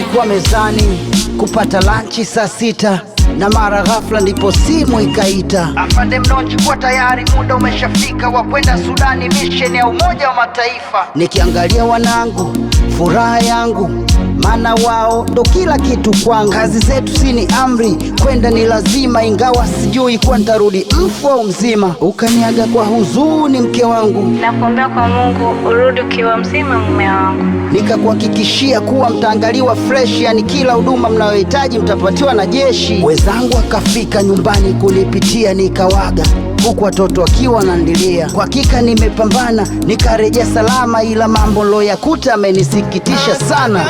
nilikuwa mezani kupata lanchi saa sita na mara ghafla ndipo simu ikaita, afande kwa tayari muda umeshafika wa kwenda Sudani, misheni ya Umoja wa Mataifa. Nikiangalia wanangu, furaha yangu maana wao ndo kila kitu kwangu. Kazi zetu si ni amri, kwenda ni lazima, ingawa sijui kuwa nitarudi mfu au mzima. Ukaniaga kwa huzuni, mke wangu, nakuombea kwa Mungu urudi ukiwa mzima, mume wangu. Nikakuhakikishia kuwa mtaangaliwa fresh, yani kila huduma mnayohitaji mtapatiwa na jeshi. Wezangu akafika nyumbani kunipitia, nikawaga huku watoto wakiwa wanandilia. Kwa hakika nimepambana, nikarejea salama, ila mambo loyakuta amenisikitisha sana.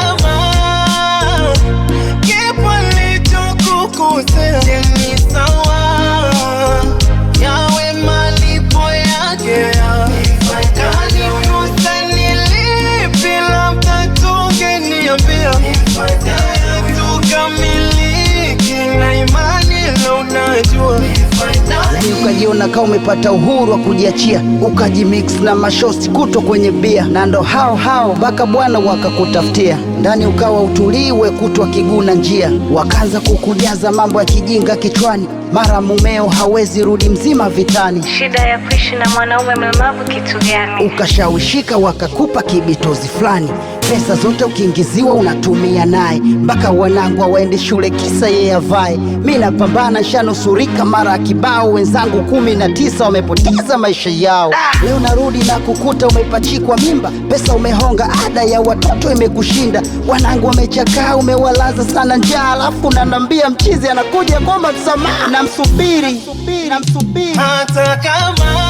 ukajiona kama umepata uhuru wa kujiachia, ukajimix na mashosti kuto kwenye bia, na ndo hao hao mpaka bwana wakakutafutia ndani ukawa utuliwe kutwa kiguna njia, wakaanza kukujaza mambo ya kijinga kichwani, mara mumeo hawezi rudi mzima vitani, shida ya kuishi na mwanaume mlemavu kitu gani? Ukashawishika wakakupa kibitozi fulani, pesa zote ukiingiziwa unatumia naye, mpaka wanangu waende shule kisa yeye avae. Mi napambana shanusurika mara akibao kibao, wenzangu kumi na tisa wamepoteza maisha yao. Ah! Leo narudi na kukuta umepachikwa mimba, pesa umehonga, ada ya watoto imekushinda wanangu wamechakaa, umewalaza sana njaa, alafu nanambia mchizi anakuja kuomba msamaha, namsubiri namsubiri, hata kama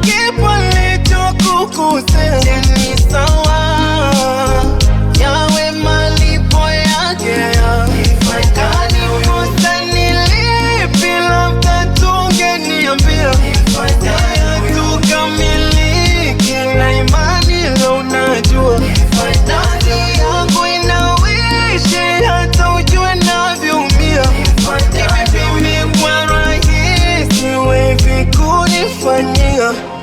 kipo nilichokukosea kufanyia